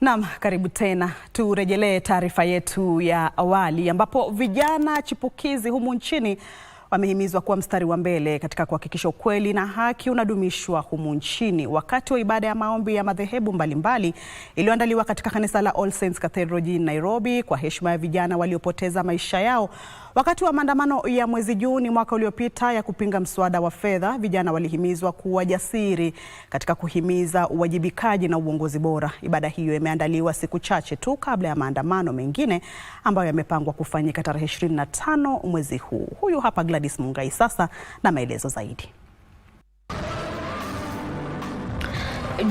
Naam, karibu tena. Turejelee taarifa yetu ya awali ambapo vijana chipukizi humu nchini wamehimizwa kuwa mstari wa mbele katika kuhakikisha ukweli na haki unadumishwa humu nchini. Wakati wa ibada ya maombi ya madhehebu mbalimbali iliyoandaliwa katika kanisa la All Saints Cathedral jijini Nairobi kwa heshima ya vijana waliopoteza maisha yao wakati wa maandamano ya mwezi Juni mwaka uliopita ya kupinga mswada wa fedha, vijana walihimizwa kuwa jasiri katika kuhimiza uwajibikaji na uongozi bora. Ibada hiyo imeandaliwa siku chache tu kabla ya maandamano mengine ambayo yamepangwa kufanyika tarehe 25 mwezi huu. Huyu hapa Gladys Mungai sasa na maelezo zaidi.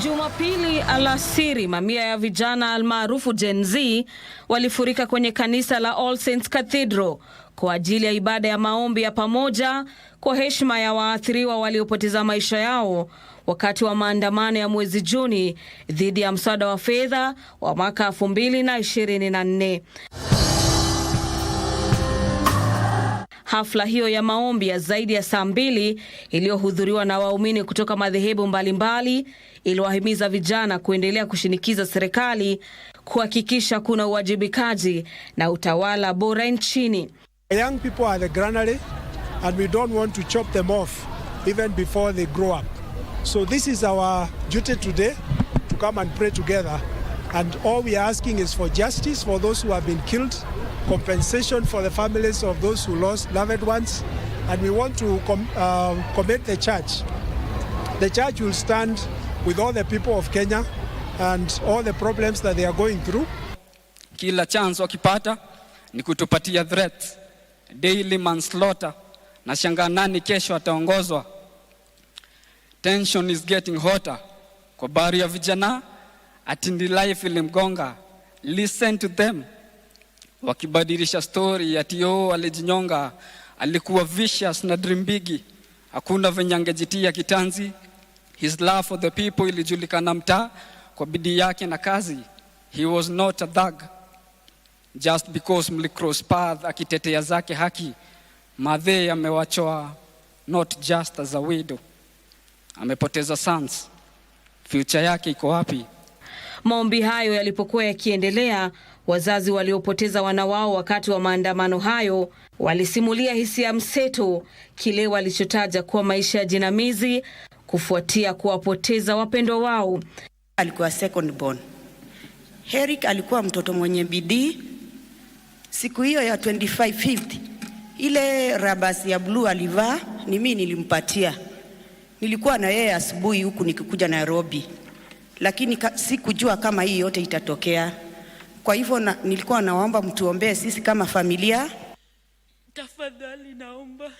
Jumapili alasiri, mamia ya vijana almaarufu Gen Z walifurika kwenye kanisa la All Saints Cathedral kwa ajili ya ibada ya maombi ya pamoja kwa heshima ya waathiriwa waliopoteza maisha yao wakati wa maandamano ya mwezi Juni dhidi ya mswada wa fedha wa mwaka 2024. Hafla hiyo ya maombi ya zaidi ya saa mbili iliyohudhuriwa na waumini kutoka madhehebu mbalimbali iliwahimiza vijana kuendelea kushinikiza serikali kuhakikisha kuna uwajibikaji na utawala bora nchini. Young people are the granary and we don't want to chop them off even before they grow up. So this is our duty today to come and pray together and all we are asking is for justice for those who have been killed compensation for the families of those who lost loved ones and we want to com uh, commit the church. The church will stand with all the people of Kenya and all the problems that they are going through. Kila chance wakipata ni kutupatia threat daily manslaughter na shangaa nani kesho ataongozwa. Tension is getting hotter kwa bari ya vijana, atindi life ilimgonga. Listen to them wakibadilisha stori ya yo alijinyonga, alikuwa vicious na drimbigi, hakuna venye angejitia kitanzi. His love for the people ilijulikana mtaa kwa bidii yake na kazi. He was not a thug just because mlicross path akitetea zake haki. Madhe amewachoa not just as a widow, amepoteza sons. Future yake iko wapi? Maombi hayo yalipokuwa yakiendelea Wazazi waliopoteza wana wao wakati wa maandamano hayo walisimulia hisia mseto, kile walichotaja kuwa maisha ya jinamizi kufuatia kuwapoteza wapendwa wao. Alikuwa second born. Herick alikuwa mtoto mwenye bidii. Siku hiyo ya 25 ile rabasi ya bluu alivaa ni mimi nilimpatia. Nilikuwa na yeye asubuhi huku nikikuja Nairobi, lakini sikujua kama hii yote itatokea. Kwa hivyo na, nilikuwa nawaomba mtuombee sisi kama familia. Tafadhali naomba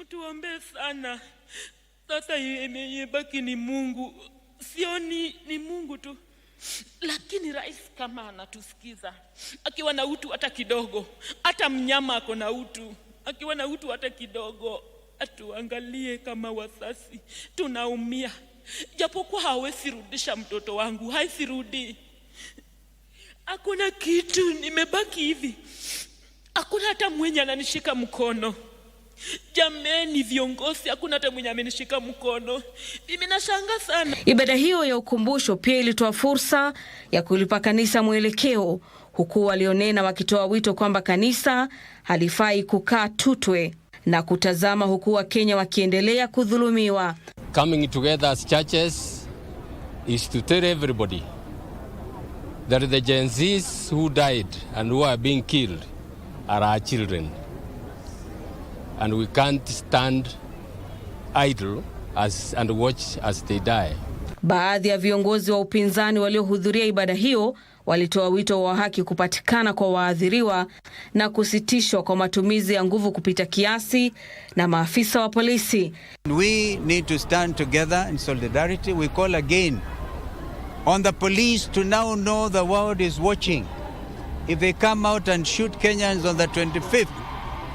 mtuombee sana. Sasa yebaki ni Mungu, sioni ni Mungu tu, lakini rais kama anatusikiza, akiwa na utu hata kidogo, hata mnyama ako na utu, akiwa na utu hata kidogo, atuangalie kama wasasi, tunaumia. Japokuwa hawezi rudisha mtoto wangu, haisirudi Hakuna kitu, nimebaki hivi, hakuna hata mwenye ananishika mkono. Jameni viongozi, hakuna hata mwenye amenishika mkono. Mimi nashanga sana. Ibada hiyo ya ukumbusho pia ilitoa fursa ya kulipa kanisa mwelekeo, huku walionena wakitoa wito kwamba kanisa halifai kukaa tutwe na kutazama, huku Wakenya wakiendelea kudhulumiwa. Coming together as churches is to tell everybody that the Gen Zs who died and who are being killed are our children. And we can't stand idle as, and watch as they die. Baadhi ya viongozi wa upinzani waliohudhuria ibada hiyo walitoa wito wa haki kupatikana kwa waathiriwa na kusitishwa kwa matumizi ya nguvu kupita kiasi na maafisa wa polisi. We need to stand together in solidarity. We call again on the police to now know the world is watching. If they come out and shoot Kenyans on the 25th,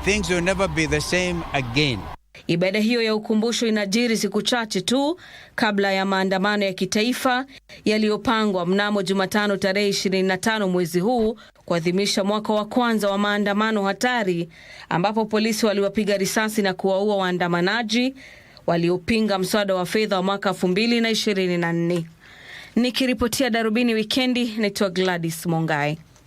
things will never be the same again. Ibada hiyo ya ukumbusho inajiri siku chache tu kabla ya maandamano ya kitaifa yaliyopangwa mnamo Jumatano tarehe 25 mwezi huu kuadhimisha mwaka wa kwanza wa maandamano hatari ambapo polisi waliwapiga risasi na kuwaua waandamanaji waliopinga mswada wa fedha wa mwaka 2024. Nikiripotia Darubini Wikendi, naitwa Gladys Mongai.